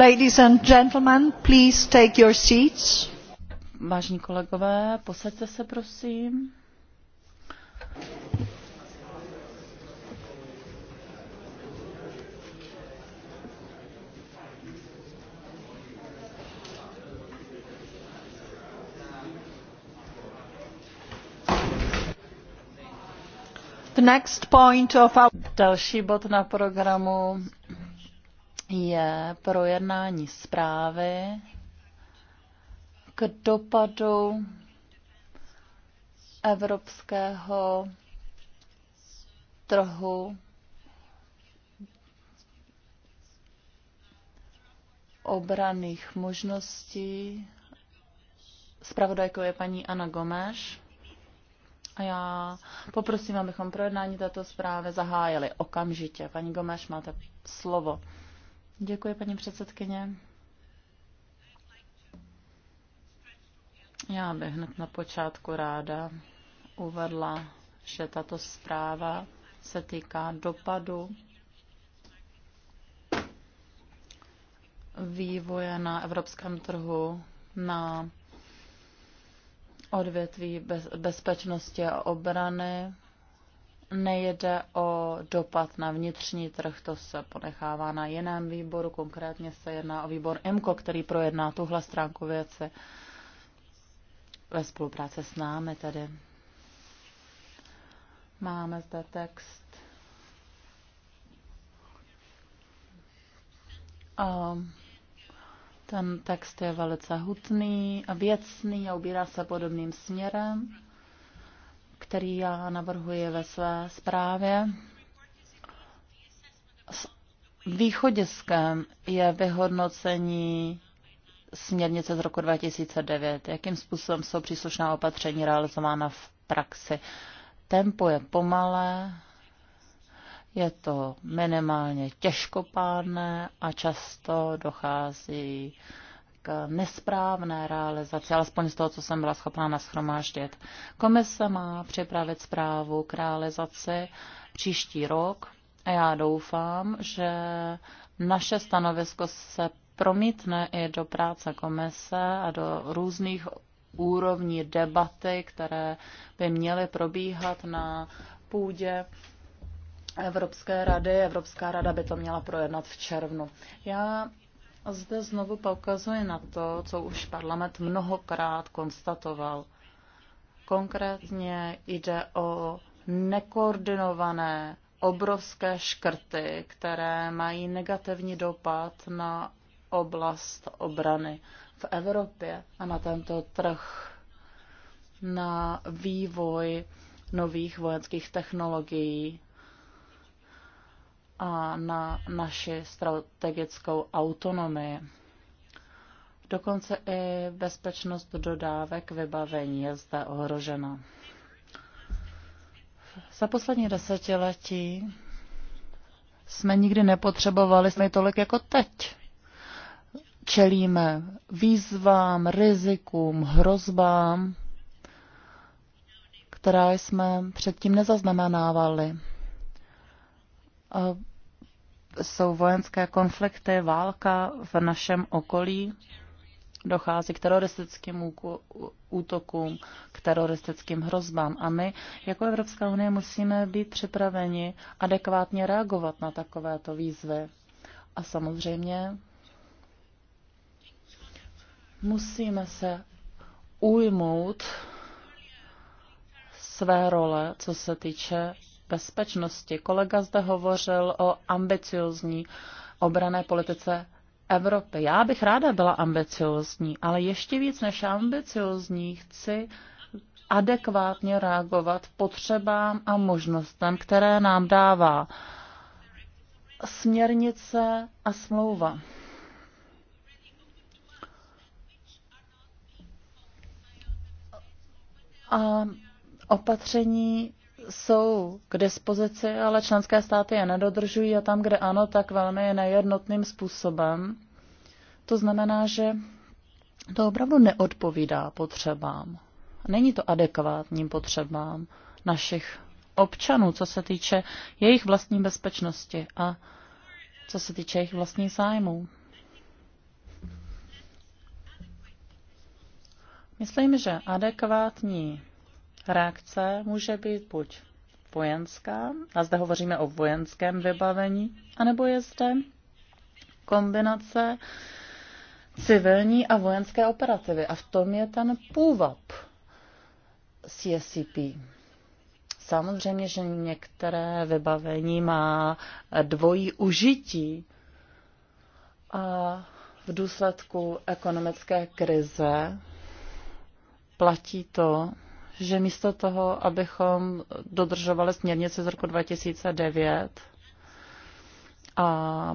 Ladies and gentlemen, please take your seats. Vážení kolegové, posaďte se prosím. Další bod na programu je projednání zprávy k dopadu evropského trhu obraných možností. Spravodajkou je paní Ana Gomeš. A já poprosím, abychom projednání této zprávy zahájili okamžitě. Paní Gomeš, máte slovo. Děkuji, paní předsedkyně. Já bych hned na počátku ráda uvedla, že tato zpráva se týká dopadu vývoje na evropském trhu na odvětví bez, bezpečnosti a obrany. Nejde o dopad na vnitřní trh, to se ponechává na jiném výboru, konkrétně se jedná o výbor IMCO, který projedná tuhle stránku věci ve spolupráci s námi tedy. Máme zde text. Um, ten text je velice hutný a věcný a ubírá se podobným směrem, který já navrhuji ve své zprávě. S východiskem je vyhodnocení směrnice z roku 2009, jakým způsobem jsou příslušná opatření realizována v praxi. Tempo je pomalé, je to minimálně těžkopádné a často dochází k nesprávné realizaci, alespoň z toho, co jsem byla schopná nashromáždit. Komise má připravit zprávu k realizaci příští rok a já doufám, že naše stanovisko se promítne i do práce komise a do různých úrovní debaty, které by měly probíhat na půdě Evropské rady. Evropská rada by to měla projednat v červnu. Já zde znovu poukazuji na to, co už parlament mnohokrát konstatoval. Konkrétně jde o nekoordinované obrovské škrty, které mají negativní dopad na oblast obrany v Evropě a na tento trh, na vývoj nových vojenských technologií a na naši strategickou autonomii. Dokonce i bezpečnost dodávek vybavení je zde ohrožena. Za poslední desetiletí jsme nikdy nepotřebovali jsme tolik jako teď. Čelíme výzvám, rizikům, hrozbám, která jsme předtím nezaznamenávali. A jsou vojenské konflikty, válka v našem okolí, dochází k teroristickým útokům, k teroristickým hrozbám. A my jako Evropská unie musíme být připraveni adekvátně reagovat na takovéto výzvy. A samozřejmě musíme se ujmout své role, co se týče bezpečnosti. Kolega zde hovořil o ambiciozní obrané politice Evropy. Já bych ráda byla ambiciozní, ale ještě víc než ambiciozní chci adekvátně reagovat potřebám a možnostem, které nám dává směrnice a smlouva. A opatření jsou k dispozici, ale členské státy je nedodržují a tam, kde ano, tak velmi nejednotným způsobem. To znamená, že to opravdu neodpovídá potřebám. Není to adekvátním potřebám našich občanů, co se týče jejich vlastní bezpečnosti a co se týče jejich vlastních zájmů. Myslím, že adekvátní Reakce může být buď vojenská, a zde hovoříme o vojenském vybavení, anebo je zde kombinace civilní a vojenské operativy. A v tom je ten půvab CSCP. Samozřejmě, že některé vybavení má dvojí užití a v důsledku ekonomické krize platí to, že místo toho, abychom dodržovali směrnice z roku 2009 a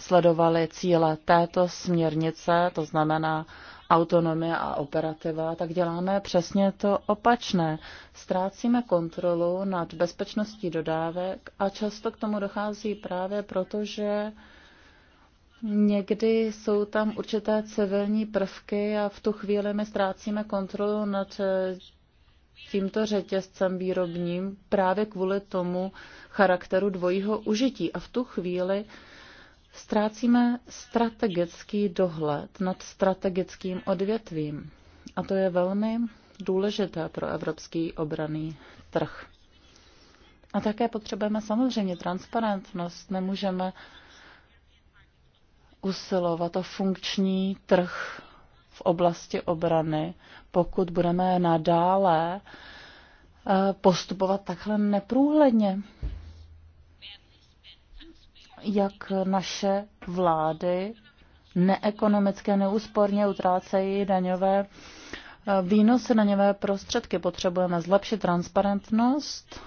sledovali cíle této směrnice, to znamená autonomie a operativa, tak děláme přesně to opačné. Ztrácíme kontrolu nad bezpečností dodávek a často k tomu dochází právě proto, že někdy jsou tam určité civilní prvky a v tu chvíli my ztrácíme kontrolu nad tímto řetězcem výrobním právě kvůli tomu charakteru dvojího užití. A v tu chvíli ztrácíme strategický dohled nad strategickým odvětvím. A to je velmi důležité pro evropský obraný trh. A také potřebujeme samozřejmě transparentnost. Nemůžeme usilovat o funkční trh v oblasti obrany, pokud budeme nadále eh, postupovat takhle neprůhledně. Jak naše vlády neekonomické neúsporně utrácejí daňové eh, výnosy, daňové prostředky. Potřebujeme zlepšit transparentnost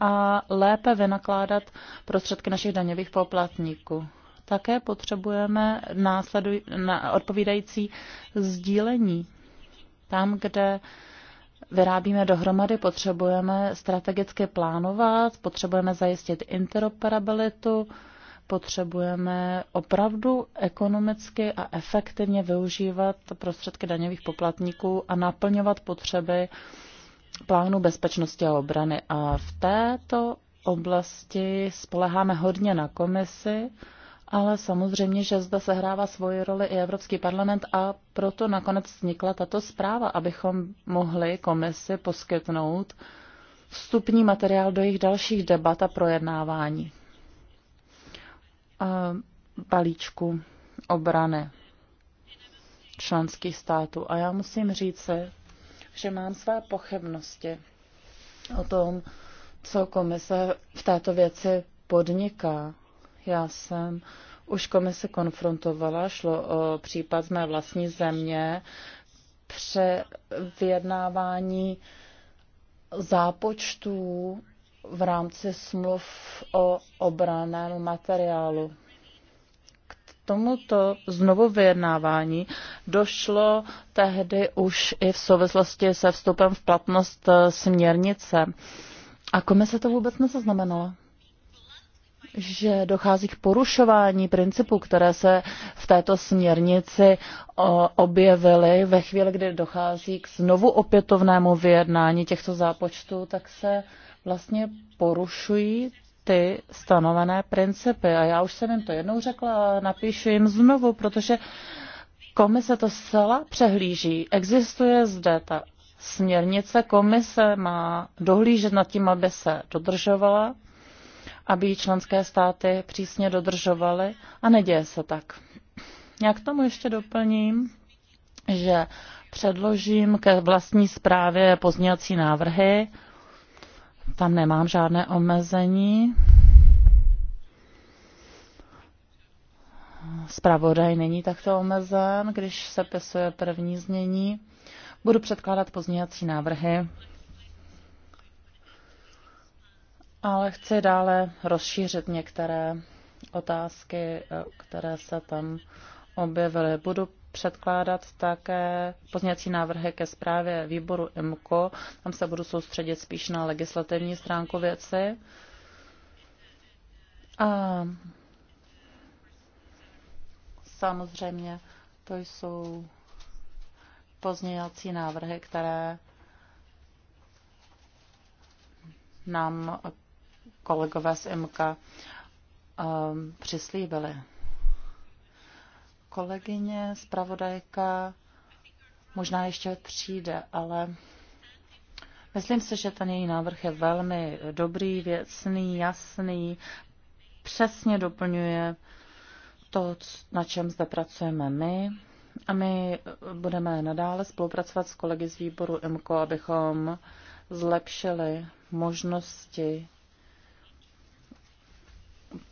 a lépe vynakládat prostředky našich daňových poplatníků také potřebujeme následuj, na odpovídající sdílení. Tam, kde vyrábíme dohromady, potřebujeme strategicky plánovat, potřebujeme zajistit interoperabilitu, potřebujeme opravdu ekonomicky a efektivně využívat prostředky daňových poplatníků a naplňovat potřeby plánu bezpečnosti a obrany. A v této oblasti spoleháme hodně na komisi ale samozřejmě, že zde sehrává svoji roli i Evropský parlament a proto nakonec vznikla tato zpráva, abychom mohli komisi poskytnout vstupní materiál do jejich dalších debat a projednávání a balíčku obrany členských států. A já musím říct, že mám své pochybnosti o tom, co komise v této věci podniká. Já jsem už komise konfrontovala, šlo o případ z mé vlastní země, pře vyjednávání zápočtů v rámci smluv o obraném materiálu. K tomuto znovu vyjednávání došlo tehdy už i v souvislosti se vstupem v platnost eh, směrnice. A komise to vůbec nezaznamenala že dochází k porušování principů, které se v této směrnici objevily ve chvíli, kdy dochází k znovu opětovnému vyjednání těchto zápočtů, tak se vlastně porušují ty stanovené principy. A já už jsem jim to jednou řekla a napíšu jim znovu, protože komise to zcela přehlíží. Existuje zde ta směrnice, komise má dohlížet nad tím, aby se dodržovala aby členské státy přísně dodržovaly a neděje se tak. Já k tomu ještě doplním, že předložím ke vlastní zprávě pozměňovací návrhy. Tam nemám žádné omezení. Zpravodaj není takto omezen, když se pisuje první znění. Budu předkládat pozměňovací návrhy ale chci dále rozšířit některé otázky, eh, které se tam objevily. Budu předkládat také pozněcí návrhy ke zprávě výboru IMCO. Tam se budu soustředit spíš na legislativní stránku věci. A samozřejmě to jsou pozměňovací návrhy, které nám kolegové z MK um, přislíbili. Kolegyně, zpravodajka možná ještě přijde, ale myslím si, že ten její návrh je velmi dobrý, věcný, jasný, přesně doplňuje to, na čem zde pracujeme my. A my budeme nadále spolupracovat s kolegy z výboru MKO, abychom zlepšili možnosti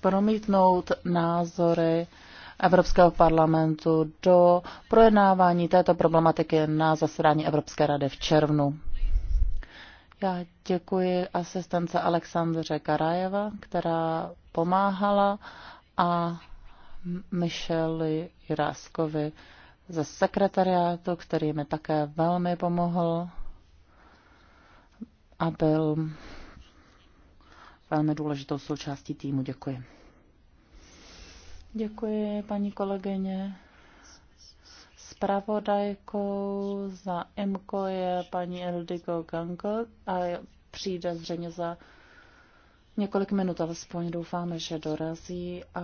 promítnout názory Evropského parlamentu do projednávání této problematiky na zasedání Evropské rady v červnu. Já děkuji asistence Alexandře Karajeva, která pomáhala, a Michely Jiráskovi ze sekretariátu, který mi také velmi pomohl a byl velmi důležitou součástí týmu. Děkuji. Děkuji, paní kolegyně. Spravodajkou za MKO je paní Eldigo Gango a přijde zřejmě za několik minut, alespoň doufáme, že dorazí a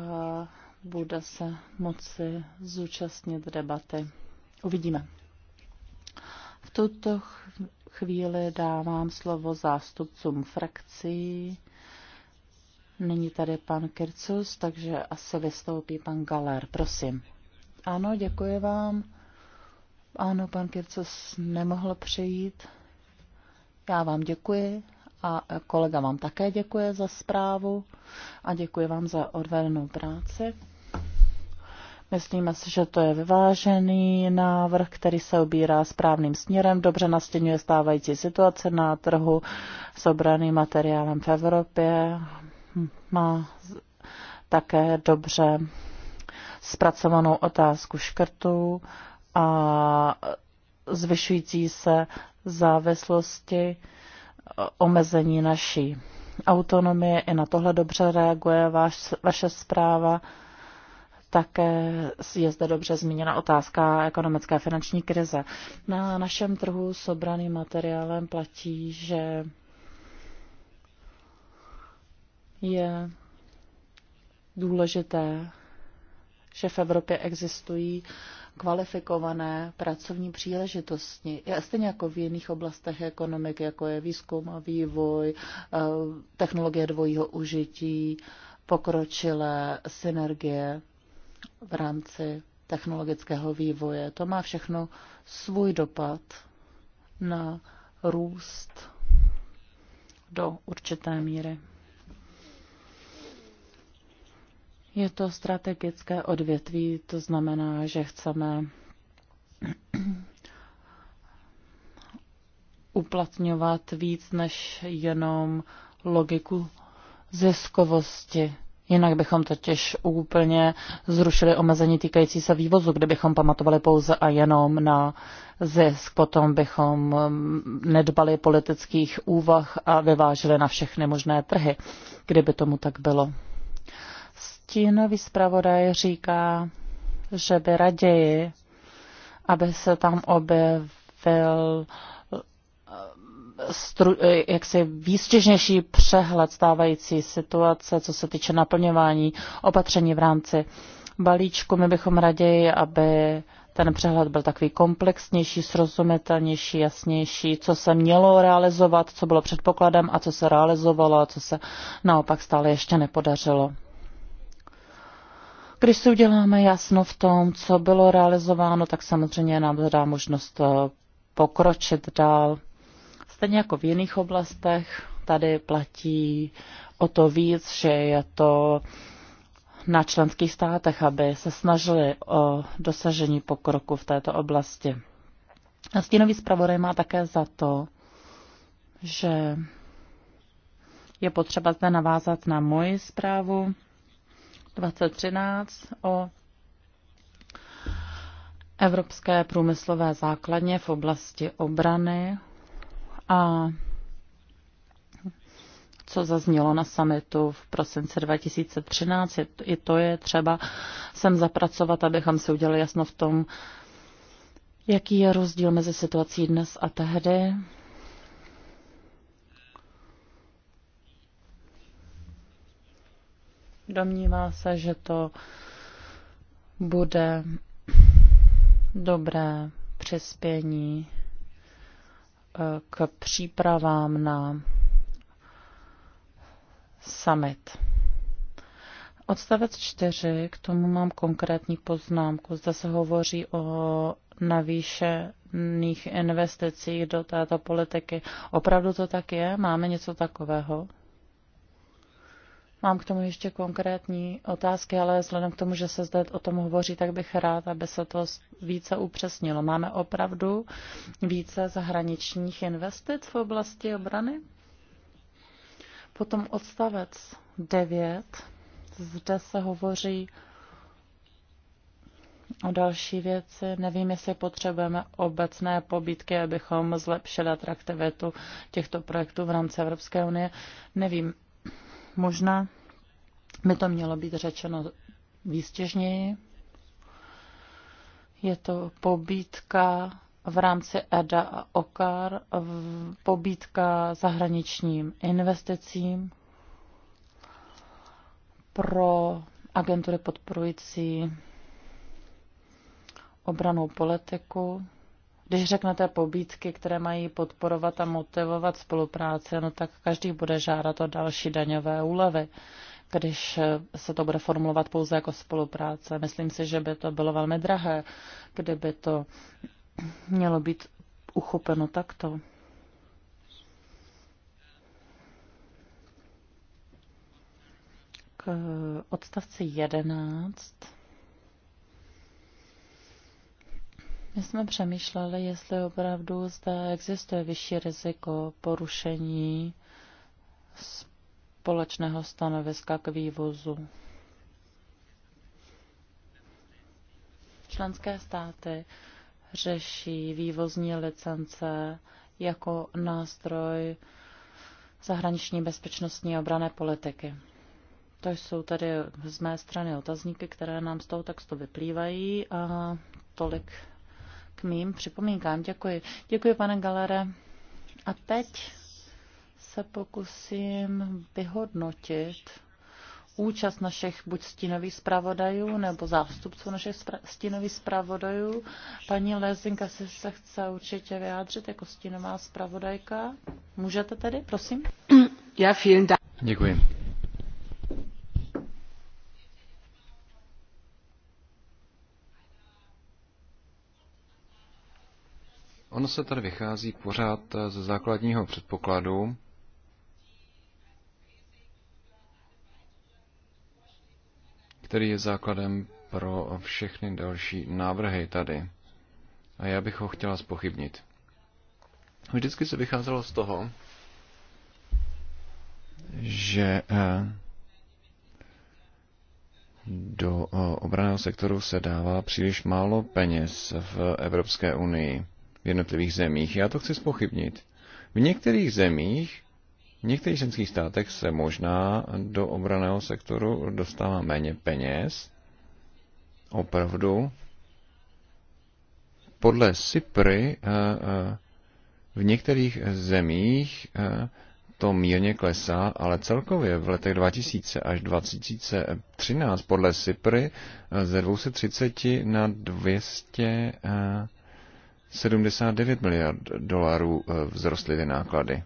bude se moci zúčastnit debaty. Uvidíme. V tuto chvíli dávám slovo zástupcům frakcí. Není tady pan Kircus, takže asi vystoupí pan Galer. Prosím. Ano, děkuji vám. Ano, pan Kircus nemohl přijít. Já vám děkuji a kolega vám také děkuje za zprávu a děkuji vám za odvedenou práci. Myslíme si, že to je vyvážený návrh, který se obírá správným směrem, dobře nastěňuje stávající situace na trhu s obraným materiálem v Evropě, má také dobře zpracovanou otázku škrtů a zvyšující se závislosti, e, omezení naší autonomie. I na tohle dobře reaguje váš, vaše zpráva. Také je zde dobře zmíněna otázka ekonomické a finanční krize. Na našem trhu s obraným materiálem platí, že je důležité, že v Evropě existují kvalifikované pracovní příležitosti. Stejně jako v jiných oblastech ekonomik, jako je výzkum a vývoj, eh, technologie dvojího užití, pokročilé synergie v rámci technologického vývoje. To má všechno svůj dopad na růst do určité míry. Je to strategické odvětví, to znamená, že chceme uplatňovat víc než jenom logiku ziskovosti. Jinak bychom totiž úplně zrušili omezení týkající se vývozu, kdybychom pamatovali pouze a jenom na zisk. Potom bychom um, nedbali politických úvah a vyváželi na všechny možné trhy, kdyby tomu tak bylo. Stínový zpravodaj říká, že by raději, aby se tam objevil eh, stru, eh, jaksi výstěžnější přehled stávající situace, co se týče naplňování opatření v rámci balíčku. My bychom raději, aby ten přehled byl takový komplexnější, srozumitelnější, jasnější, co se mělo realizovat, co bylo předpokladem a co se realizovalo a co se naopak stále ještě nepodařilo. Když si uděláme jasno v tom, co bylo realizováno, tak samozřejmě nám to dá možnost eh, pokročit dál. Stejně jako v jiných oblastech, tady platí o to víc, že je to na členských státech, aby se snažili o dosažení pokroku v této oblasti. A stínový zpravodaj má také za to, že je potřeba zde navázat na moji zprávu 2013 o Evropské průmyslové základně v oblasti obrany a co zaznělo na summitu v prosince 2013, i to je třeba sem zapracovat, abychom si udělali jasno v tom, jaký je rozdíl mezi situací dnes a tehdy Domnívá se, že to bude dobré přispění eh, k přípravám na summit. Odstavec 4, k tomu mám konkrétní poznámku. Zde se hovoří o navýšených investicích do této politiky. Opravdu to tak je? Máme něco takového? Mám k tomu ještě konkrétní otázky, ale vzhledem k tomu, že se zde o tom hovoří, tak bych rád, aby se to více upřesnilo. Máme opravdu více zahraničních investic v oblasti obrany? Potom odstavec 9. Zde se hovoří o další věci. Nevím, jestli potřebujeme obecné pobídky, abychom zlepšili atraktivitu těchto projektů v rámci Evropské unie. Nevím, Možná by to mělo být řečeno výstěžněji. Je to pobítka v rámci EDA a OKAR, pobítka zahraničním investicím pro agentury podporující obranou politiku když řeknete pobídky, které mají podporovat a motivovat spolupráci, no tak každý bude žádat o další daňové úlevy, když se to bude formulovat pouze jako spolupráce. Myslím si, že by to bylo velmi drahé, kdyby to mělo být uchopeno takto. K odstavci 11 My jsme přemýšleli, jestli opravdu zde existuje vyšší riziko porušení společného stanoviska k vývozu. Členské státy řeší vývozní licence jako nástroj zahraniční bezpečnostní obrané politiky. To jsou tady z mé strany otazníky, které nám z toho textu vyplývají a tolik k mým připomínkám. Děkuji. Děkuji, pane Galere. A teď se pokusím vyhodnotit účast našich buď stínových zpravodajů nebo zástupců našich spra- stínových zpravodajů. Paní Lezinka si se chce určitě vyjádřit jako stínová zpravodajka. Můžete tedy, prosím? Já vielen Dank. Děkuji. Ono se tady vychází pořád eh, ze základního předpokladu, který je základem pro všechny další návrhy tady. A já bych ho chtěla spochybnit. Vždycky se vycházelo z toho, že eh, do eh, obraného sektoru se dává příliš málo peněz v Evropské unii v jednotlivých zemích. Já to chci spochybnit. V některých zemích, v některých zemských státech se možná do obraného sektoru dostává méně peněz. Opravdu. Podle SIPRy eh, eh, v některých zemích eh, to mírně klesá, ale celkově v letech 2000 až 2013 podle SIPRy ze 230 na 200 79 miliard dolarů eh, vzrostly ty náklady.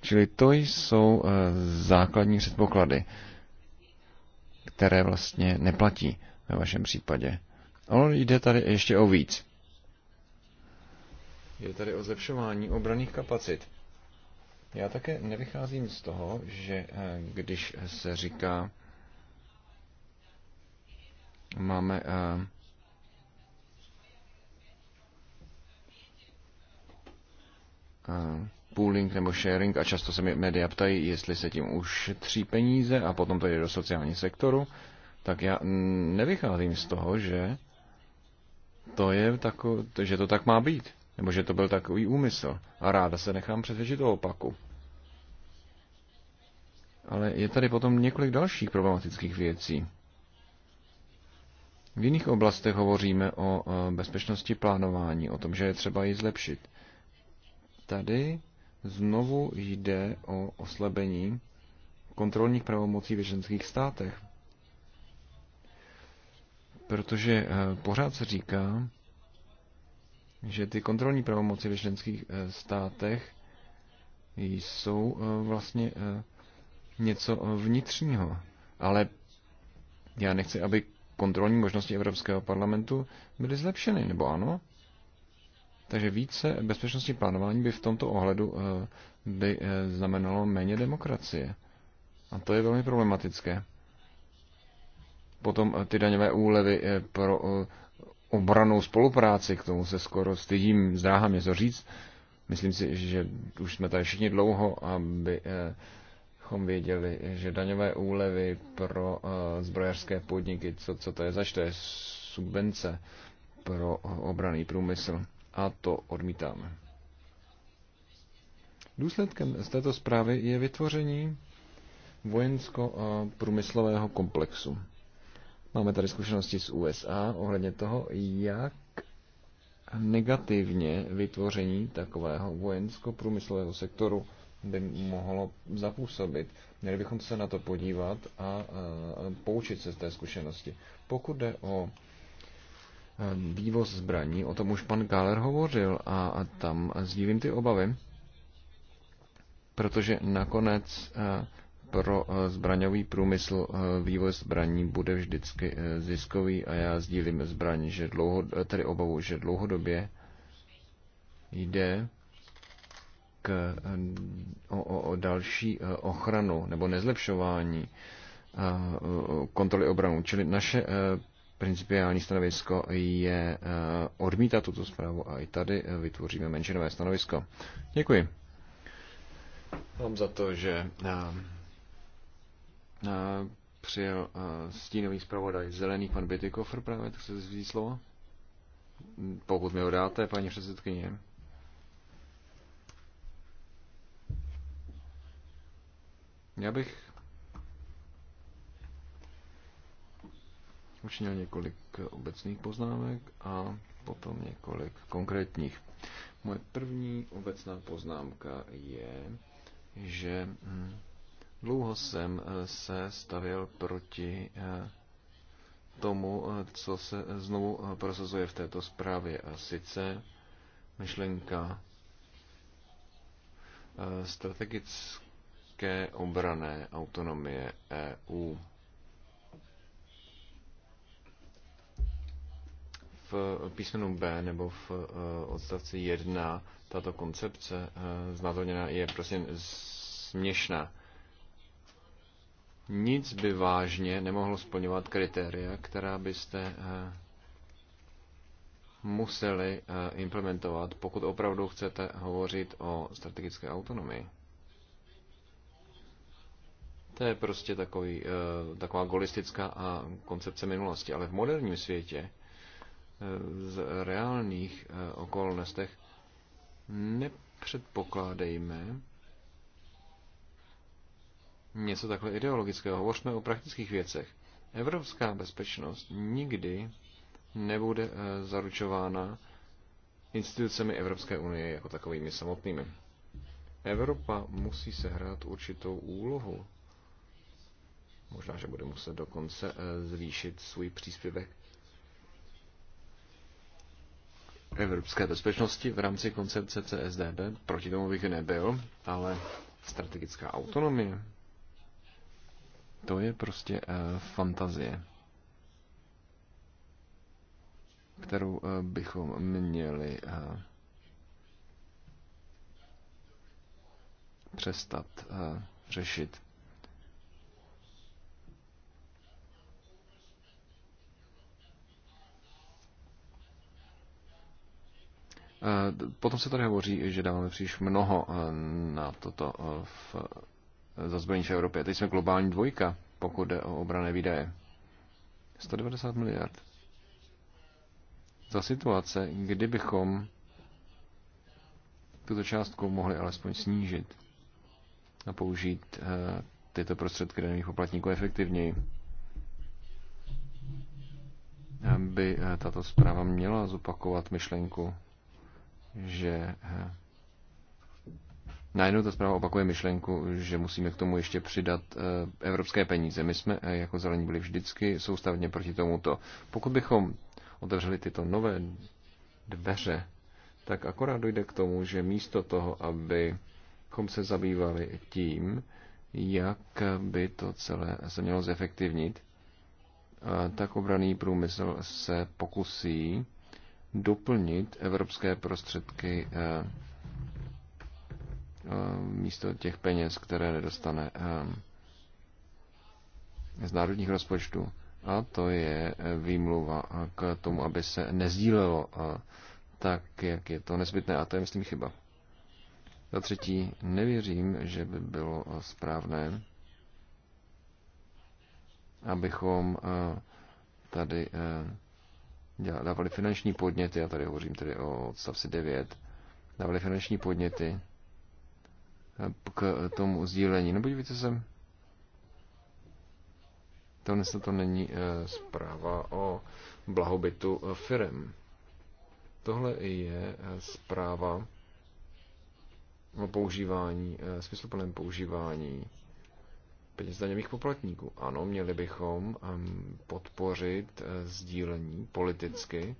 Čili to jsou eh, základní předpoklady, které vlastně neplatí ve vašem případě. Ale jde tady ještě o víc. Je tady o zlepšování obraných kapacit. Já také nevycházím z toho, že eh, když se říká, máme pooling nebo sharing a často se média ptají, jestli se tím ušetří peníze a potom to jde do sociální sektoru, tak já nevycházím z toho, že to je tako, že to tak má být, nebo že to byl takový úmysl a ráda se nechám přesvědčit o opaku. Ale je tady potom několik dalších problematických věcí. V jiných oblastech hovoříme o e, bezpečnosti plánování, o tom, že je třeba ji zlepšit. Tady znovu jde o oslabení kontrolních pravomocí ve ženských státech. Protože eh, pořád se říká, že ty kontrolní pravomoci ve ženských eh, státech jsou eh, vlastně něco vnitřního. Ale já nechci, aby kontrolní možnosti Evropského parlamentu byly zlepšeny, nebo ano? Takže více bezpečnostní plánování by v tomto ohledu eh, by eh, znamenalo méně demokracie. A to je velmi problematické. Potom eh, ty daňové úlevy pro obranou spolupráci, k tomu se skoro stydím, zdráhám něco říct. Myslím si, že už jsme tady všichni dlouho, aby abychom věděli, že daňové úlevy pro zbrojařské podniky, co, co to je zač, to je subvence pro obraný průmysl a to odmítáme. Důsledkem z této zprávy je vytvoření vojensko-průmyslového komplexu. Máme tady zkušenosti z USA ohledně toho, jak negativně vytvoření takového vojensko-průmyslového sektoru by mohlo zapůsobit. Měli bychom se na to podívat a poučit se z té zkušenosti. Pokud jde o Eh, vývoz zbraní, o tom už pan Gáler hovořil a, a tam sdílím ty obavy, protože nakonec eh, pro eh, zbraňový průmysl vývoz zbraní bude vždycky ziskový a já sdílím zbraň, že dlouho, tedy obavu, že dlouhodobě jde k, o, o, o další ochranu nebo nezlepšování kontroly obranu. Čili naše principiální stanovisko je eh, odmítat tuto zprávu a i tady eh, vytvoříme menšinové stanovisko. Děkuji. Mám za to, že eh, přijel stínový zpravodaj zelený pan Bitykofer, právě tak se zvíjí slovo. Pokud mi ho dáte, paní předsedkyně. Já bych učinil několik obecných poznámek a potom několik konkrétních. Moje první obecná poznámka je, že hm, dlouho jsem eh, se stavěl proti eh, tomu, eh, co se znovu prosazuje v této zprávě, a sice myšlenka strategické obrané autonomie EU. v písmenu B nebo v eh, odstavci 1 tato koncepce eh, znázorněná je prostě směšná. Nic by vážně nemohlo splňovat kritéria, která byste eh, museli implementovat, pokud opravdu chcete hovořit o strategické autonomii. To je prostě takový, taková golistická koncepce minulosti, ale v moderním světě z reálných eh, okolnostech nepředpokládejme něco takhle ideologického. Hovořme o praktických věcech. Evropská bezpečnost nikdy nebude eh, zaručována institucemi Evropské unie jako takovými samotnými. Evropa musí sehrát určitou úlohu. Možná, že bude muset dokonce eh, zvýšit svůj příspěvek evropské bezpečnosti v rámci koncepce CSDB. Proti tomu bych nebyl, ale strategická autonomie, to je prostě uh, fantazie, kterou uh, bychom měli uh, přestat uh, řešit. Eh, potom se tady hovoří, že dáváme příliš mnoho eh, na toto eh, v zazbrojení v Evropě. Teď jsme globální dvojka, pokud jde o obrané výdaje. 190 miliard. Za situace, kdybychom tuto částku mohli alespoň snížit a použít tyto prostředky daných poplatníků efektivněji, by tato zpráva měla zopakovat myšlenku že eh, najednou ta zpráva opakuje myšlenku, že musíme k tomu ještě přidat eh, evropské peníze. My jsme eh, jako zelení byli vždycky soustavně proti tomuto. Pokud bychom otevřeli tyto nové dveře, tak akorát dojde k tomu, že místo toho, abychom se zabývali tím, jak by to celé se mělo zefektivnit, tak obraný průmysl se pokusí doplnit evropské prostředky eh, eh, místo těch peněz, které nedostane eh, z národních rozpočtů. A to je výmluva k tomu, aby se nezdílelo tak, jak je to nezbytné. A to je, myslím, chyba. Za třetí, nevěřím, že by bylo správné, abychom tady dávali finanční podněty, já tady hovořím tedy o odstavci 9, dávali finanční podněty eh, k tomu sdílení. No podívejte se, dnes to není eh, zpráva o blahobytu eh, firem. Tohle je zpráva o používání, smysluplném používání peněz daněvých poplatníků. Ano, měli bychom podpořit eh, sdílení politicky,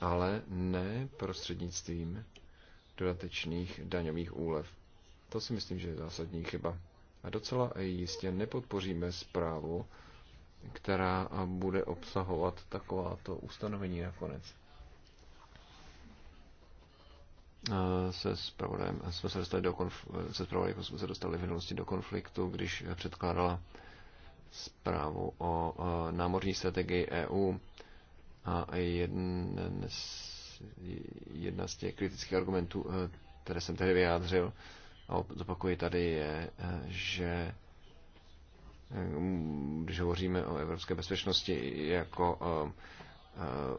ale ne prostřednictvím dodatečných daňových úlev. To si myslím, že je zásadní chyba. A docela jistě nepodpoříme zprávu, která eh, bude obsahovat takováto ustanovení nakonec. Eh, se zpravodajem jsme se dostali do konf- eh, se zpravodajkou jako jsme se dostali v minulosti do konfliktu, když eh, předkládala zprávu o námořní strategii EU a jeden z, jedna z těch kritických argumentů, které jsem tehdy vyjádřil, a zopakuji tady, je, že když hovoříme o evropské bezpečnosti jako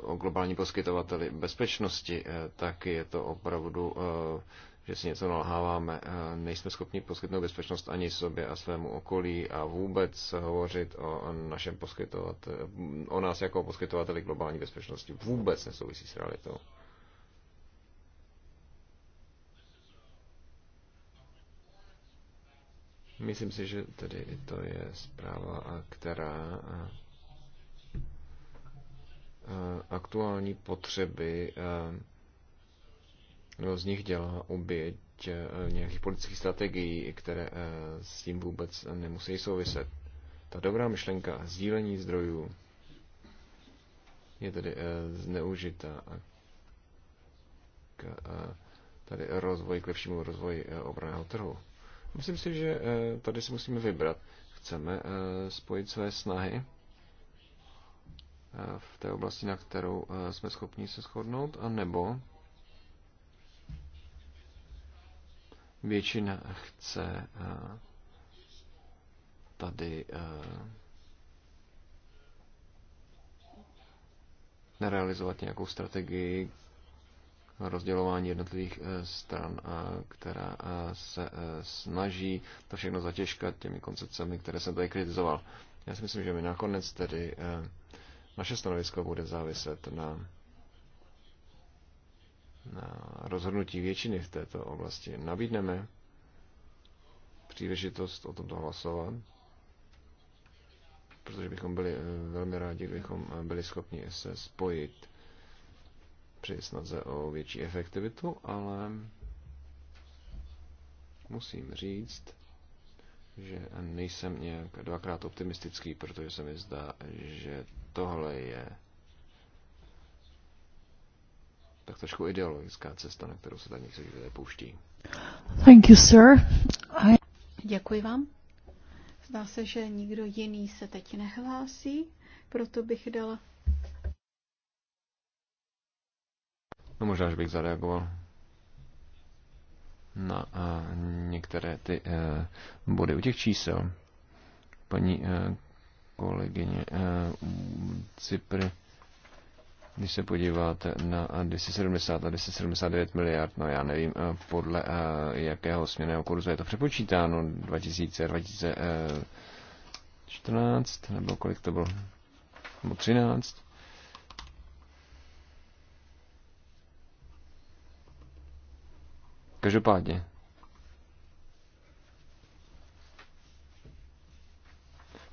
o globální poskytovateli bezpečnosti, eh, tak je to opravdu, eh, že si něco nalháváme. Eh, nejsme schopni poskytnout bezpečnost ani sobě a svému okolí a vůbec hovořit o našem poskytovateli, o nás jako poskytovateli globální bezpečnosti vůbec nesouvisí s realitou. Myslím si, že tedy to je zpráva, která Eh, aktuální potřeby kdo eh, z nich dělá oběť eh, nějakých politických strategií, které s tím vůbec nemusí souviset. Ta dobrá myšlenka sdílení zdrojů je tedy zneužita k tady rozvoji, k lepšímu rozvoji obraného trhu. Myslím si, že tady si musíme vybrat. Chceme spojit své snahy Eh, v té oblasti, na kterou eh, jsme schopni se shodnout, anebo většina chce eh, tady nerealizovat nějakou strategii rozdělování jednotlivých stran, která se snaží to všechno zatěžkat těmi koncepcemi, které jsem tady kritizoval. Já si myslím, že my nakonec tedy naše stanovisko bude záviset na, na rozhodnutí většiny v této oblasti. Nabídneme příležitost o tomto hlasovat, protože bychom byli eh, velmi rádi, kdybychom eh, byli schopni se spojit při snaze o větší efektivitu, ale musím říct, že nejsem nějak dvakrát optimistický, protože se mi zdá, že tohle je tak trošku ideologická cesta, na kterou se tady někteří lidé pouští. Thank you, sir. I... Děkuji vám. Zdá se, že nikdo jiný se teď nehlásí, proto bych dala... No možná, že bych zareagoval na uh, některé ty uh, body u těch čísel. Paní uh, kolegyně eh, Cipry, když se podíváte na 270 eh, a 279 miliard, no já nevím, eh, podle jakého směrného kurzu je to přepočítáno, 2014, 2014, nebo kolik to bylo, nebo 13. Každopádně,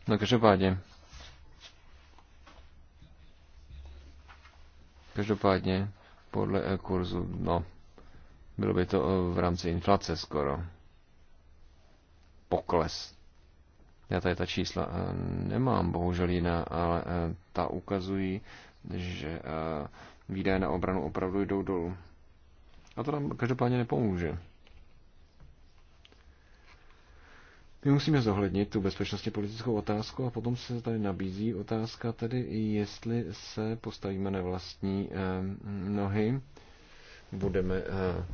No každopádně. Každopádně podle eh, kurzu, no, bylo by to eh, v rámci inflace skoro. Pokles. Já tady ta čísla eh, nemám, bohužel jiná, ale ta ukazují, že výdaje na obranu opravdu jdou dolů. A to nám každopádně nepomůže. My musíme zohlednit tu bezpečnostně politickou otázku a potom se tady nabízí otázka tedy, jestli se postavíme na vlastní eh, nohy, budeme eh,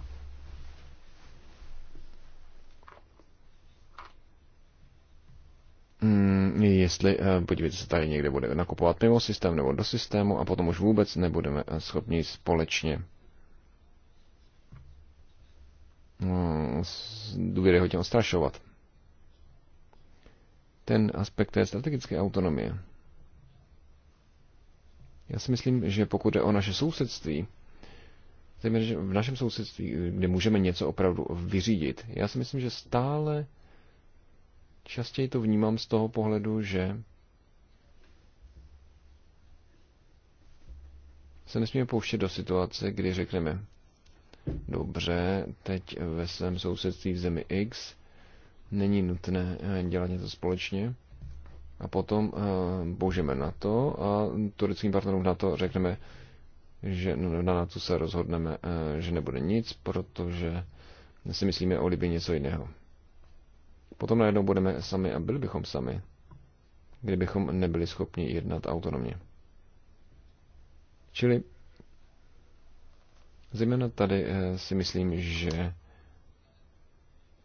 Mm, jestli, eh, podívejte se, tady někde bude nakupovat mimo systém nebo do systému a potom už vůbec nebudeme eh, schopni společně mm, důvěryhodně odstrašovat ten aspekt té strategické autonomie. Já si myslím, že pokud je o naše sousedství, zejména v našem sousedství, kde můžeme něco opravdu vyřídit, já si myslím, že stále častěji to vnímám z toho pohledu, že se nesmíme pouštět do situace, kdy řekneme, dobře, teď ve svém sousedství v zemi X není nutné eh, dělat něco společně. A potom eh, boužeme na to a tureckým partnerům na to řekneme, že no, na NATO se rozhodneme, eh, že nebude nic, protože si myslíme o Libii něco jiného. Potom najednou budeme sami a byli bychom sami, kdybychom nebyli schopni jednat autonomně. Čili zejména tady si myslím, že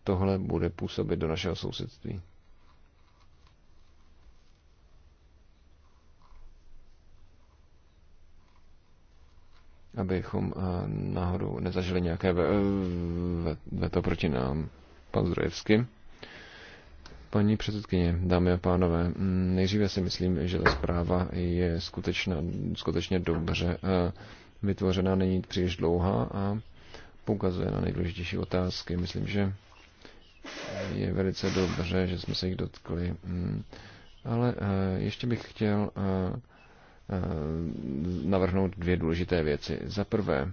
tohle bude působit do našeho sousedství. abychom eh, náhodou nezažili nějaké eh, veto proti nám. Pan Zdrojevsky. Paní předsedkyně, dámy a pánové, mm, nejdříve si myslím, že ta zpráva je skutečná, skutečně dobře eh, vytvořená, není příliš dlouhá a poukazuje na nejdůležitější otázky. Myslím, že je velice dobře, že jsme se jich dotkli. Hmm. Ale eh, ještě bych chtěl eh, eh, navrhnout dvě důležité věci. Za prvé,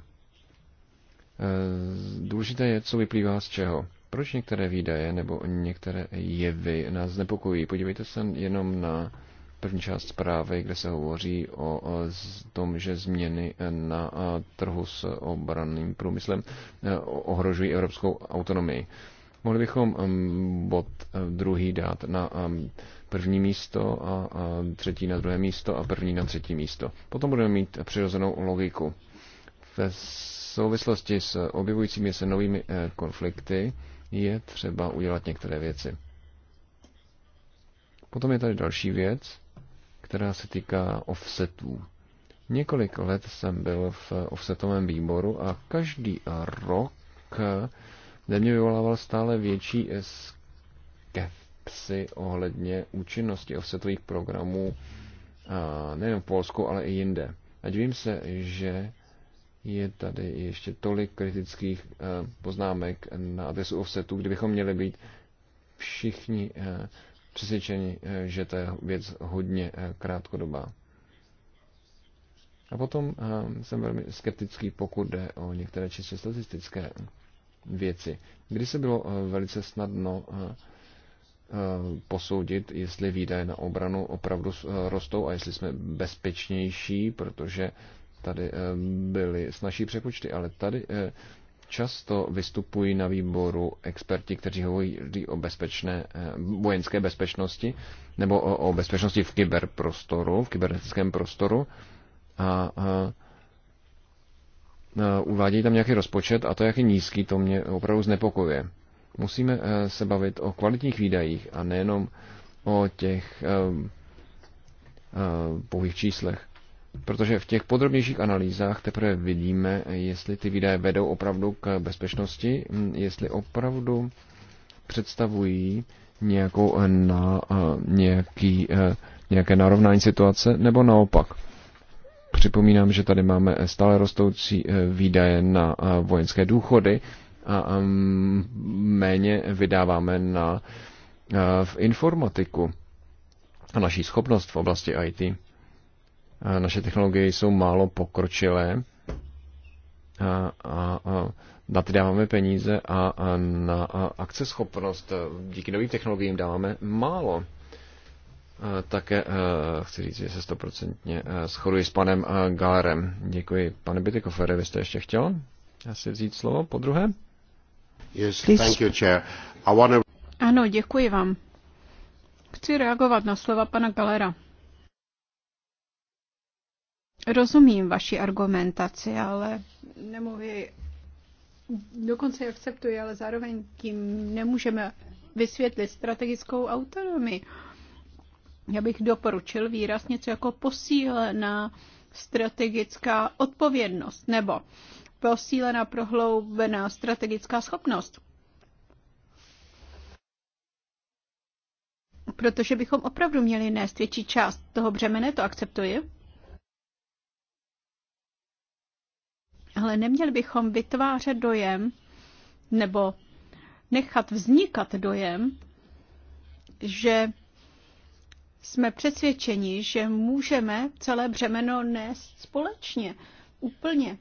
důležité je, co vyplývá z čeho. Proč některé výdaje nebo některé jevy nás znepokojí? Podívejte se jenom na první část zprávy, kde se hovoří o tom, že změny na trhu s obranným průmyslem ohrožují evropskou autonomii. Mohli bychom um, bod eh, druhý dát na um, první místo a třetí na druhé místo a první na třetí místo. Potom budeme mít přirozenou logiku. Ve souvislosti s objevujícími se novými eh, konflikty je třeba udělat některé věci. Potom je tady další věc, která se týká offsetů. Několik let jsem byl v eh, offsetovém výboru a každý rok ve mně vyvolával stále větší skepsy ohledně účinnosti offsetových programů nejen v Polsku, ale i jinde. A divím se, že je tady ještě tolik kritických e, poznámek na adresu offsetu, kdybychom měli být všichni e, přesvědčeni, e, že to je věc hodně krátkodobá. A potom jsem velmi skeptický, pokud jde o některé čistě statistické věci, kdy se bylo eh, velice snadno eh, eh, posoudit, jestli výdaje na obranu opravdu rostou a jestli jsme bezpečnější, protože tady byly snažší přepočty, ale tady často vystupují na výboru experti, kteří hovoří o bezpečné, vojenské bezpečnosti nebo o, o bezpečnosti v kyberprostoru, v kybernetickém prostoru a, a Eh, uvádějí tam nějaký rozpočet a to, jak je nízký, to mě opravdu znepokojuje. Musíme eh, se bavit o kvalitních výdajích a nejenom o těch eh, pouhých číslech. Protože v těch podrobnějších analýzách teprve vidíme, jestli ty výdaje vedou opravdu k bezpečnosti, hm, jestli opravdu představují nějakou na, nějaký, nějaké narovnání situace, nebo naopak. Připomínám, že tady máme stále rostoucí eh, výdaje na eh, vojenské důchody a mm, méně vydáváme na eh, v informatiku a naší schopnost v oblasti IT. Naše technologie jsou málo pokročilé a, a, a na ty dáváme peníze a, a na akceschopnost díky novým technologiím dáváme málo. Eh, také eh, chci říct, že se stoprocentně eh, shoduji s panem Galerem. Děkuji. Pane Bitykofere, vy jste ještě chtěl asi vzít slovo po druhé? Yes, thank you, chair. I wanna... Ano, děkuji vám. Chci reagovat na slova pana Galera. Rozumím vaši argumentaci, ale nemohu dokonce akceptuji, ale zároveň tím nemůžeme vysvětlit strategickou autonomii já bych doporučil výraz něco jako posílená strategická odpovědnost nebo posílená prohloubená strategická schopnost. Protože bychom opravdu měli nést větší část toho břemene, to akceptuji. Ale neměli bychom vytvářet dojem nebo nechat vznikat dojem, že jsme přesvědčeni, že můžeme celé břemeno nést společně, úplně.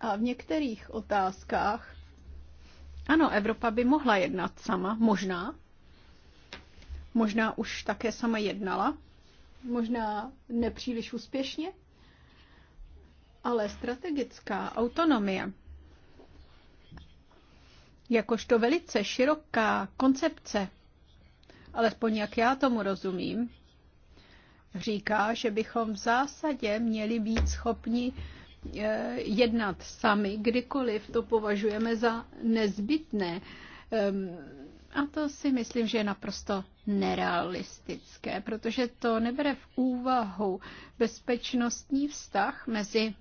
A v některých otázkách, ano, Evropa by mohla jednat sama, možná. Možná už také sama jednala, možná nepříliš úspěšně, ale strategická autonomie, jakožto velice široká koncepce, alespoň jak já tomu rozumím, říká, že bychom v zásadě měli být schopni eh, jednat sami, kdykoliv to považujeme za nezbytné. Ehm, a to si myslím, že je naprosto nerealistické, protože to nebere v úvahu bezpečnostní vztah mezi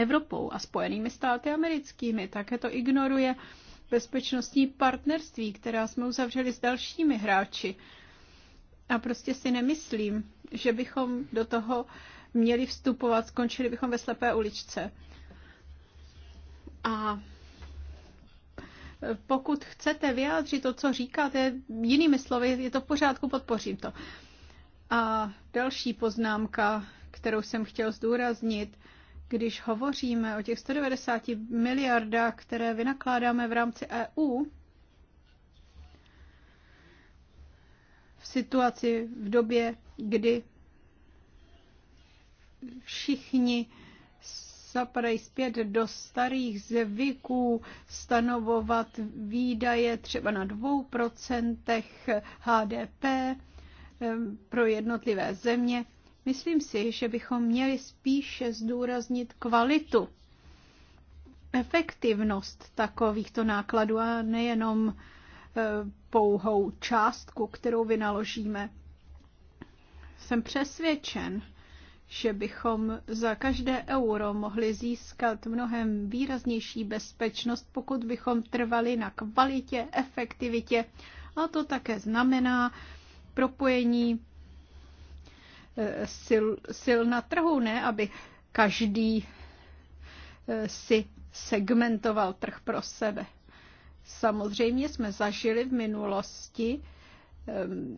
Evropou a Spojenými státy americkými. Také to ignoruje bezpečnostní partnerství, která jsme uzavřeli s dalšími hráči. A prostě si nemyslím, že bychom do toho měli vstupovat, skončili bychom ve slepé uličce. A pokud chcete vyjádřit to, co říkáte, jinými slovy, je to v pořádku, podpořím to. A další poznámka, kterou jsem chtěl zdůraznit, když hovoříme o těch 190 miliardách, které vynakládáme v rámci EU, situaci v době, kdy všichni zapadají zpět do starých zvyků stanovovat výdaje třeba na 2% HDP pro jednotlivé země. Myslím si, že bychom měli spíše zdůraznit kvalitu, efektivnost takovýchto nákladů a nejenom Eh, pouhou částku, kterou vynaložíme. Jsem přesvědčen, že bychom za každé euro mohli získat mnohem výraznější bezpečnost, pokud bychom trvali na kvalitě, efektivitě. A to také znamená propojení eh, sil, sil na trhu, ne aby každý eh, si segmentoval trh pro sebe. Samozřejmě jsme zažili v minulosti ehm,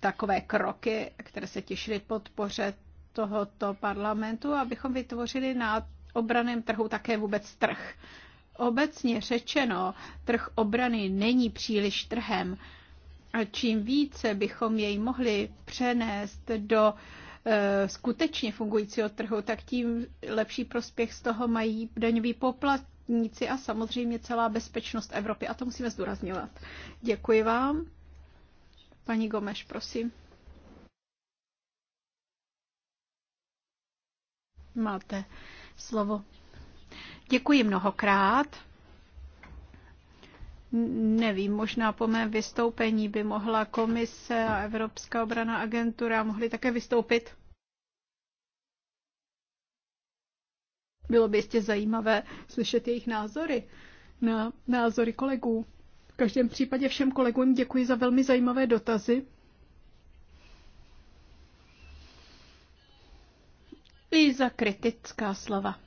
takové kroky, které se těšily podpoře tohoto parlamentu, abychom vytvořili na obraném trhu také vůbec trh. Obecně řečeno, trh obrany není příliš trhem. A čím více bychom jej mohli přenést do e, skutečně fungujícího trhu, tak tím lepší prospěch z toho mají daňoví poplatníci zdravotníci a samozřejmě celá bezpečnost Evropy. A to musíme zdůrazňovat. Děkuji vám. Paní Gomeš, prosím. Máte slovo. Děkuji mnohokrát. Nevím, možná po mém vystoupení by mohla komise a Evropská obrana agentura mohly také vystoupit. Bylo by jistě zajímavé slyšet jejich názory na názory kolegů. V každém případě všem kolegům děkuji za velmi zajímavé dotazy. I za kritická slova.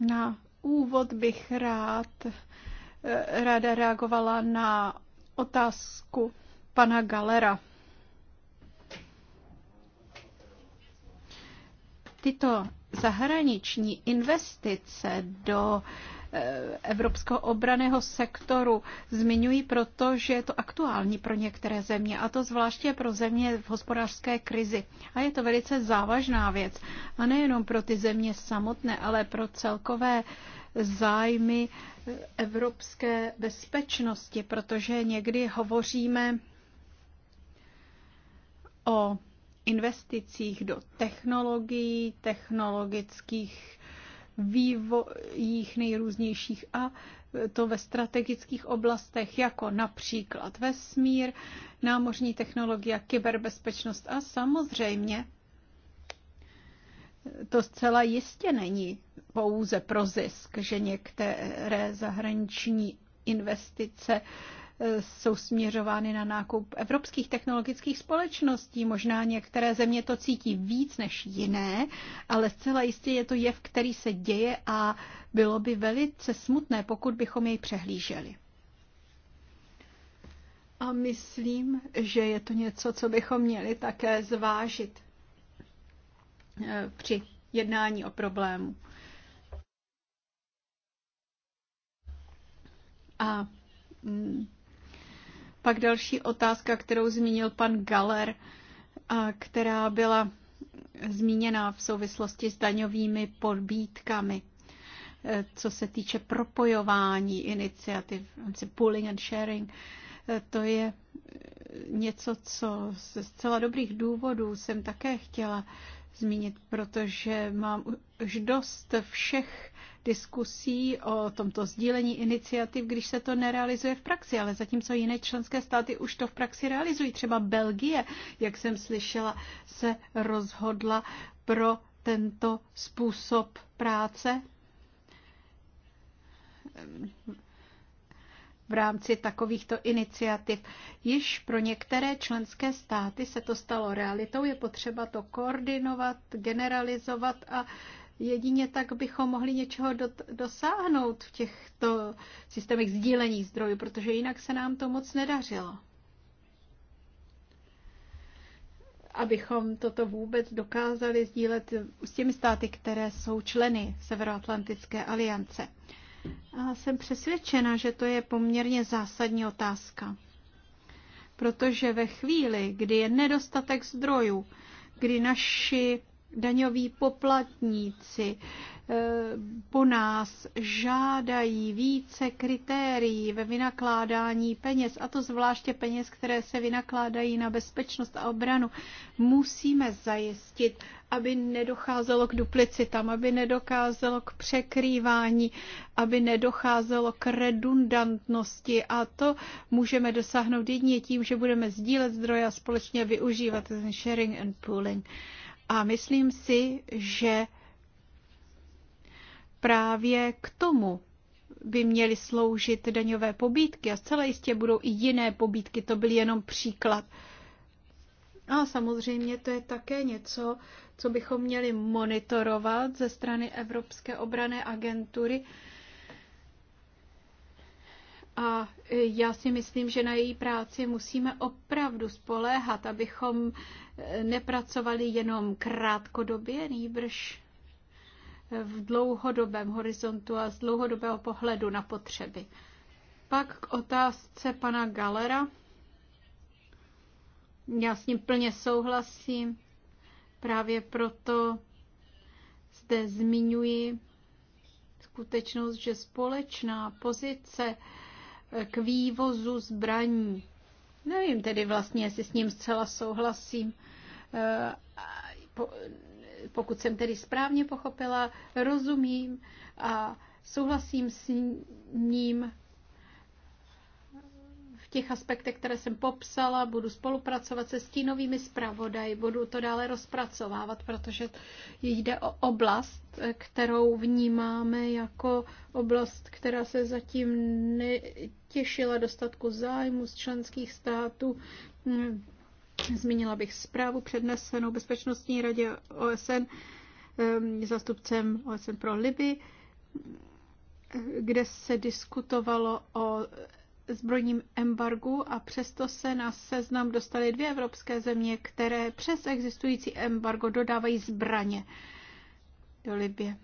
Na úvod bych rád eh, ráda reagovala na otázku pana Galera. tyto zahraniční investice do eh, evropského obraného sektoru zmiňují proto, že je to aktuální pro některé země, a to zvláště pro země v hospodářské krizi. A je to velice závažná věc. A nejenom pro ty země samotné, ale pro celkové zájmy evropské bezpečnosti, protože někdy hovoříme o investicích do technologií, technologických vývojích nejrůznějších a to ve strategických oblastech, jako například vesmír, námořní technologie, kyberbezpečnost a samozřejmě to zcela jistě není pouze pro zisk, že některé zahraniční investice jsou směřovány na nákup evropských technologických společností. Možná některé země to cítí víc než jiné, ale zcela jistě je to jev, který se děje a bylo by velice smutné, pokud bychom jej přehlíželi. A myslím, že je to něco, co bychom měli také zvážit eh, při jednání o problému. A mm, pak další otázka, kterou zmínil pan Galer, a která byla zmíněna v souvislosti s daňovými podbítkami, e, co se týče propojování iniciativ, vlastně pooling and sharing. E, to je něco, co ze zcela dobrých důvodů jsem také chtěla zmínit, protože mám už dost všech diskusí o tomto sdílení iniciativ, když se to nerealizuje v praxi, ale zatímco jiné členské státy už to v praxi realizují. Třeba Belgie, jak jsem slyšela, se rozhodla pro tento způsob práce v rámci takovýchto iniciativ. Již pro některé členské státy se to stalo realitou, je potřeba to koordinovat, generalizovat a Jedině tak bychom mohli něčeho do, dosáhnout v těchto systémech sdílení zdrojů, protože jinak se nám to moc nedařilo. Abychom toto vůbec dokázali sdílet s těmi státy, které jsou členy Severoatlantické aliance. A jsem přesvědčena, že to je poměrně zásadní otázka. Protože ve chvíli, kdy je nedostatek zdrojů, kdy naši daňoví poplatníci eh, po nás žádají více kritérií ve vynakládání peněz, a to zvláště peněz, které se vynakládají na bezpečnost a obranu. Musíme zajistit, aby nedocházelo k duplicitám, aby nedocházelo k překrývání, aby nedocházelo k redundantnosti. A to můžeme dosáhnout jedině tím, že budeme sdílet zdroje a společně využívat ten sharing and pooling. A myslím si, že právě k tomu by měly sloužit daňové pobídky a zcela jistě budou i jiné pobídky, to byl jenom příklad. A samozřejmě to je také něco, co bychom měli monitorovat ze strany Evropské obrané agentury, a e, já si myslím, že na její práci musíme opravdu spoléhat, abychom e, nepracovali jenom krátkodobě, nýbrž e, v dlouhodobém horizontu a z dlouhodobého pohledu na potřeby. Pak k otázce pana Galera. Já s ním plně souhlasím. Právě proto zde zmiňuji skutečnost, že společná pozice k vývozu zbraní. Nevím tedy vlastně, jestli s ním zcela souhlasím. Eh, pokud jsem tedy správně pochopila, rozumím a souhlasím s ním těch aspektech, které jsem popsala, budu spolupracovat se stínovými zpravodaji, budu to dále rozpracovávat, protože jde o oblast, kterou vnímáme jako oblast, která se zatím netěšila dostatku zájmu z členských států. Zmínila bych zprávu přednesenou Bezpečnostní radě OSN ehm, zastupcem OSN pro Liby, kde se diskutovalo o zbrojním embargu a přesto se na seznam dostaly dvě evropské země, které přes existující embargo dodávají zbraně do Libie.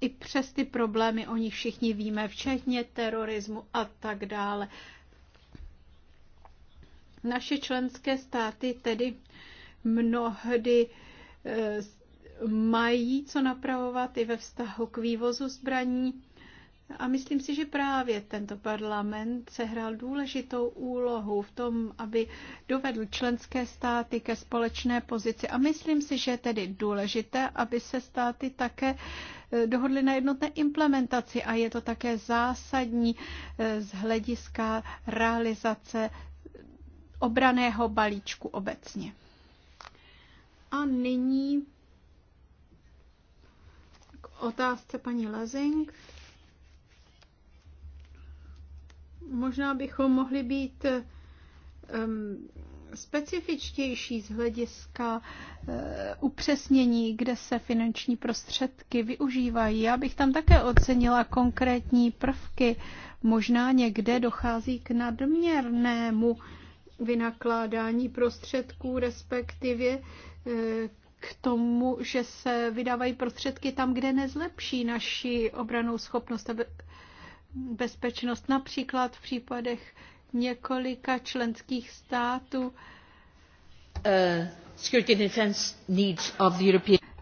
I přes ty problémy, o nich všichni víme, včetně terorismu a tak dále. Naše členské státy tedy mnohdy eh, mají co napravovat i ve vztahu k vývozu zbraní a myslím si, že právě tento parlament sehrál důležitou úlohu v tom, aby dovedl členské státy ke společné pozici. A myslím si, že je tedy důležité, aby se státy také eh, dohodly na jednotné implementaci. A je to také zásadní eh, z hlediska realizace obraného balíčku obecně. A nyní k otázce paní Lezing. Možná bychom mohli být um, specifičtější z hlediska uh, upřesnění, kde se finanční prostředky využívají. Já bych tam také ocenila konkrétní prvky. Možná někde dochází k nadměrnému vynakládání prostředků, respektive uh, k tomu, že se vydávají prostředky tam, kde nezlepší naši obranou schopnost bezpečnost, například v případech několika členských států. Eh,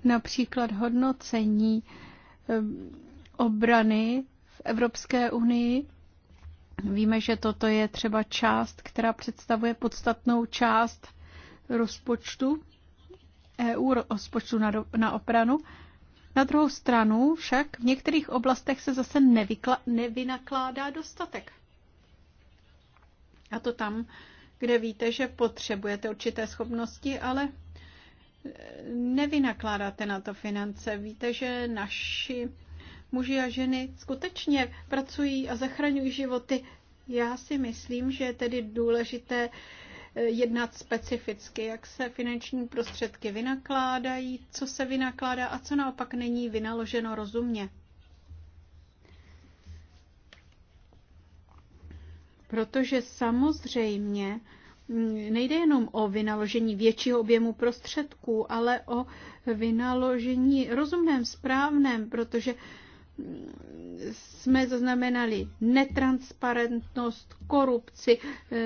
například hodnocení eh, obrany v Evropské unii. Víme, že toto je třeba část, která představuje podstatnou část rozpočtu EU, rozpočtu na, na obranu. Na druhou stranu však v některých oblastech se zase nevykla- nevynakládá dostatek. A to tam, kde víte, že potřebujete určité schopnosti, ale eh, nevynakládáte na to finance. Víte, že naši muži a ženy skutečně pracují a zachraňují životy. Já si myslím, že je tedy důležité Eh, jednat specificky, jak se finanční prostředky vynakládají, co se vynakládá a co naopak není vynaloženo rozumně. Protože samozřejmě mm, nejde jenom o vynaložení většího objemu prostředků, ale o vynaložení rozumném, správném, protože jsme zaznamenali netransparentnost, korupci, eh,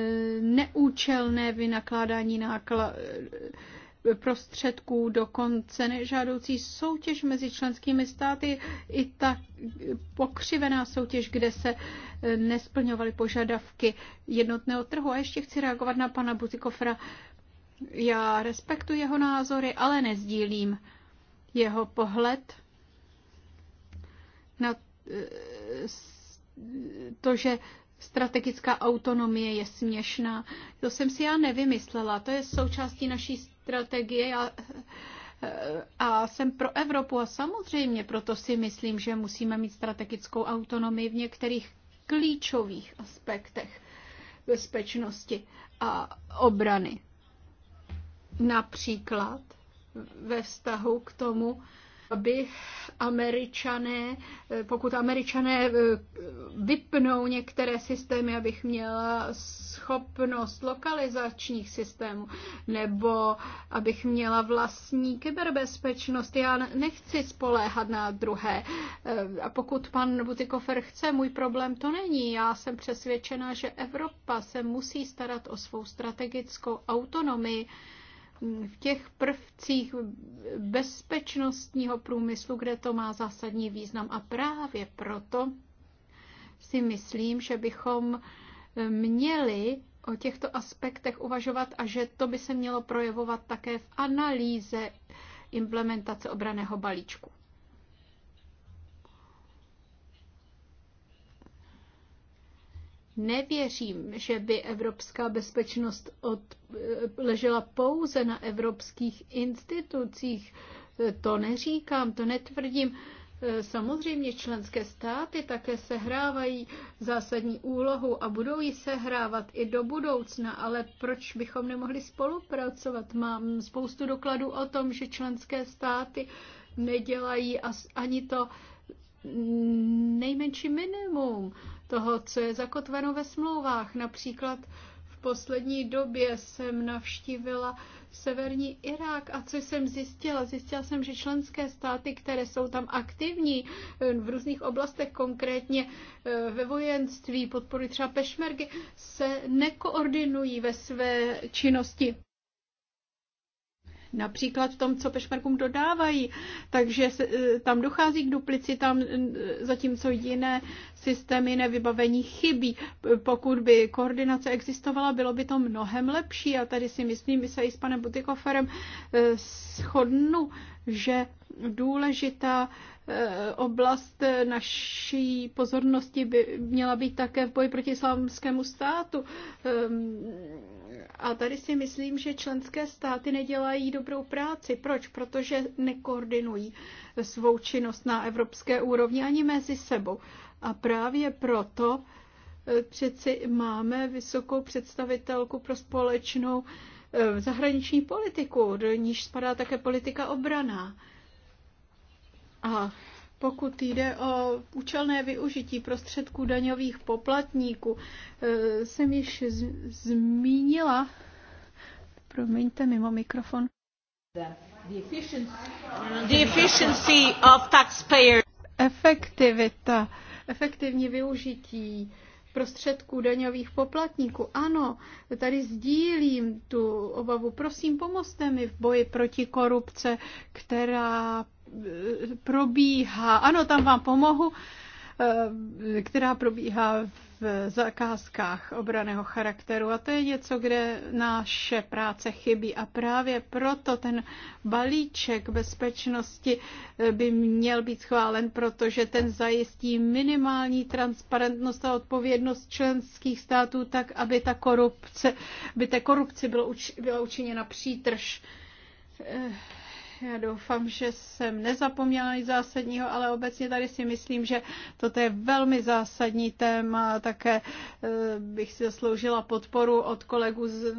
neúčelné vynakládání eh, prostředků, dokonce nežádoucí soutěž mezi členskými státy, i ta pokřivená soutěž, kde se eh, nesplňovaly požadavky jednotného trhu. A ještě chci reagovat na pana Butikofra. Já respektuji jeho názory, ale nezdílím jeho pohled na eh, to, že strategická autonomie je směšná. To jsem si já nevymyslela, to je součástí naší strategie. a eh, a jsem pro Evropu a samozřejmě proto si myslím, že musíme mít strategickou autonomii v některých klíčových aspektech bezpečnosti a obrany. Například ve vztahu k tomu, aby američané, pokud američané eh, vypnou některé systémy, abych měla schopnost lokalizačních systémů, nebo abych měla vlastní kyberbezpečnost. Já nechci spoléhat na druhé. Eh, a pokud pan Butikofer chce, můj problém to není. Já jsem přesvědčena, že Evropa se musí starat o svou strategickou autonomii, v těch prvcích bezpečnostního průmyslu, kde to má zásadní význam. A právě proto si myslím, že bychom měli o těchto aspektech uvažovat a že to by se mělo projevovat také v analýze implementace obraného balíčku. Nevěřím, že by evropská bezpečnost od, ležela pouze na evropských institucích. To neříkám, to netvrdím. Samozřejmě členské státy také sehrávají zásadní úlohu a budou ji sehrávat i do budoucna, ale proč bychom nemohli spolupracovat? Mám spoustu dokladů o tom, že členské státy nedělají ani to nejmenší minimum toho, co je zakotveno ve smlouvách. Například v poslední době jsem navštívila severní Irák a co jsem zjistila? Zjistila jsem, že členské státy, které jsou tam aktivní eh, v různých oblastech, konkrétně eh, ve vojenství, podporují třeba pešmergy, se nekoordinují ve své činnosti například v tom, co pešmerkům dodávají. Takže se, e, tam dochází k duplicitám, e, zatímco jiné systémy, jiné vybavení chybí. Pokud by koordinace existovala, bylo by to mnohem lepší. A tady si myslím, že se i s panem Butikoferem e, shodnu, že důležitá eh, oblast naší pozornosti by měla být také v boji proti islámskému státu. Ehm, a tady si myslím, že členské státy nedělají dobrou práci. Proč? Protože nekoordinují svou činnost na evropské úrovni ani mezi sebou. A právě proto eh, přeci máme vysokou představitelku pro společnou E, zahraniční politiku, do níž spadá také politika obrana. A pokud jde o účelné využití prostředků daňových poplatníků, e, jsem již zmínila, promiňte mimo mikrofon, The efficiency of taxpayer. Efektivita, efektivní využití prostředků daňových poplatníků. Ano, tady sdílím tu obavu. Prosím, pomozte mi v boji proti korupce, která e, probíhá. Ano, tam vám pomohu Eh, která probíhá v zakázkách obraného charakteru. A to je něco, kde naše práce chybí. A právě proto ten balíček bezpečnosti eh, by měl být schválen, protože ten zajistí minimální transparentnost a odpovědnost členských států tak, aby ta korupce, by té korupci bylo, byla učiněna přítrž eh, já doufám, že jsem nezapomněla nic zásadního, ale obecně tady si myslím, že toto je velmi zásadní téma. Také eh, bych si zasloužila podporu od kolegů z,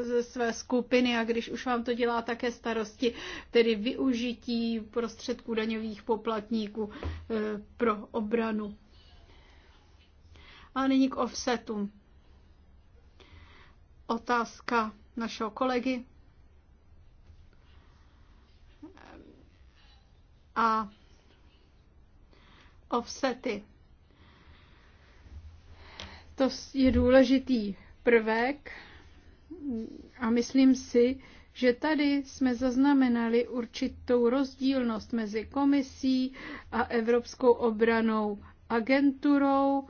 ze své skupiny a když už vám to dělá také starosti, tedy využití prostředků daňových poplatníků eh, pro obranu. A nyní k offsetu. Otázka našeho kolegy a offsety. To je důležitý prvek a myslím si, že tady jsme zaznamenali určitou rozdílnost mezi komisí a Evropskou obranou agenturou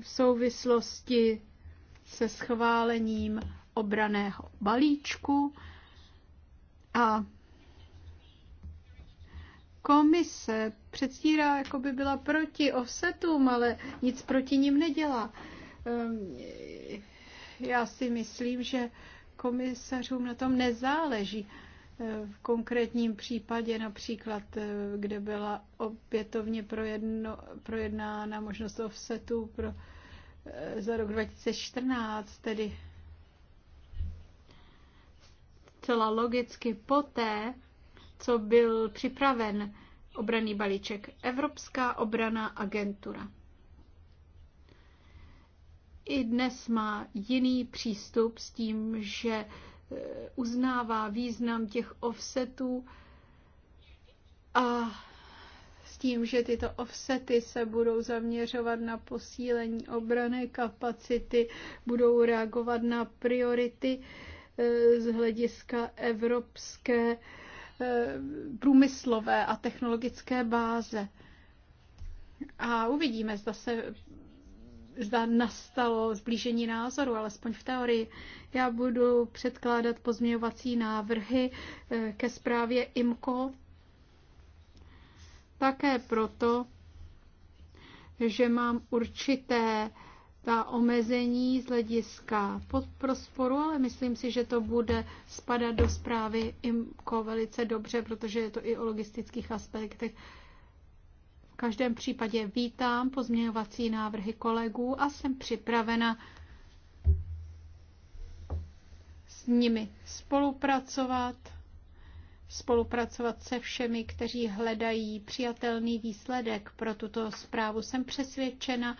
v souvislosti se schválením obraného balíčku a komise předstírá, jako by byla proti offsetům, ale nic proti ním nedělá. Ehm, já si myslím, že komisařům na tom nezáleží. Ehm, v konkrétním případě například, ehm, kde byla opětovně projedno, projednána možnost offsetu pro, eh, za rok 2014, tedy celá logicky poté, co byl připraven obraný balíček Evropská obraná agentura. I dnes má jiný přístup s tím, že e, uznává význam těch offsetů a s tím, že tyto offsety se budou zaměřovat na posílení obrané kapacity, budou reagovat na priority e, z hlediska evropské Eh, průmyslové a technologické báze. A uvidíme, zda se zda nastalo zblížení názoru, alespoň v teorii. Já budu předkládat pozměňovací návrhy eh, ke zprávě IMCO také proto, že mám určité ta omezení z hlediska podprosporu, ale myslím si, že to bude spadat do zprávy IMCO velice dobře, protože je to i o logistických aspektech. V každém případě vítám pozměňovací návrhy kolegů a jsem připravena s nimi spolupracovat, spolupracovat se všemi, kteří hledají přijatelný výsledek pro tuto zprávu. Jsem přesvědčena,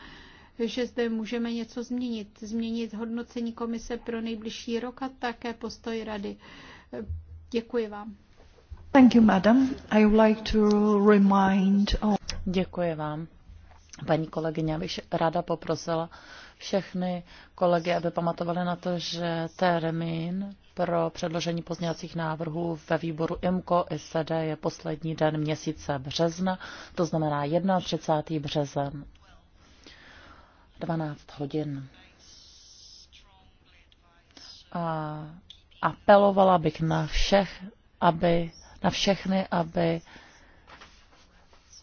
že zde můžeme něco změnit. Změnit hodnocení komise pro nejbližší rok a také postoj rady. Děkuji vám. Thank you, madam. I would like to remind all... Děkuji vám. Paní kolegyně, abych ráda poprosila všechny kolegy, aby pamatovali na to, že termín pro předložení pozněvacích návrhů ve výboru IMCO i SED je poslední den měsíce března, to znamená 31. březen 12 hodin. A apelovala bych na všech, aby, na všechny, aby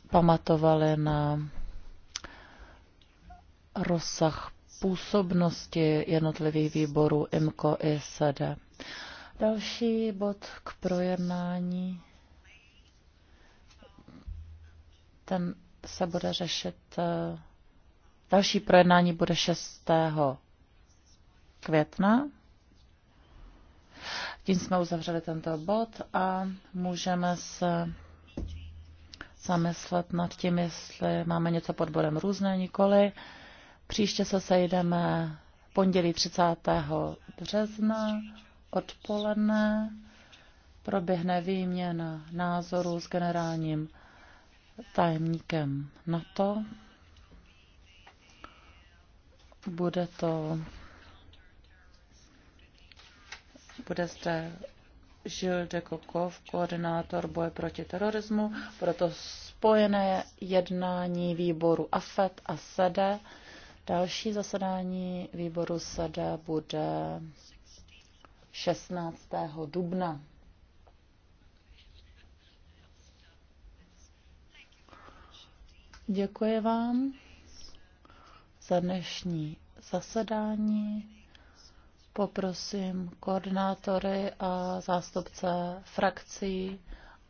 pamatovali na rozsah působnosti jednotlivých výborů IMCO i SED. Další bod k projednání. Ten se bude řešit eh, Další projednání bude 6. května. Tím jsme uzavřeli tento bod a můžeme se zamyslet nad tím, jestli máme něco pod bodem různé, nikoli. Příště se sejdeme pondělí 30. března odpoledne. Proběhne výměna názorů s generálním tajemníkem NATO. Bude to bude zde Žil de Kokov, koordinátor boje proti terorismu, proto spojené jednání výboru AFET a SEDE. Další zasedání výboru SEDE bude 16. dubna. Děkuji vám za dnešní zasedání. Poprosím koordinátory a zástupce frakcí,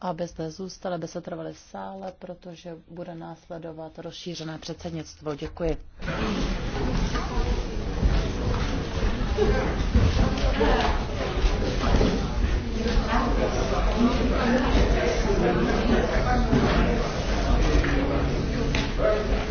aby zde zůstali, aby se trvali v sále, protože bude následovat rozšířené předsednictvo. Děkuji. Thank you.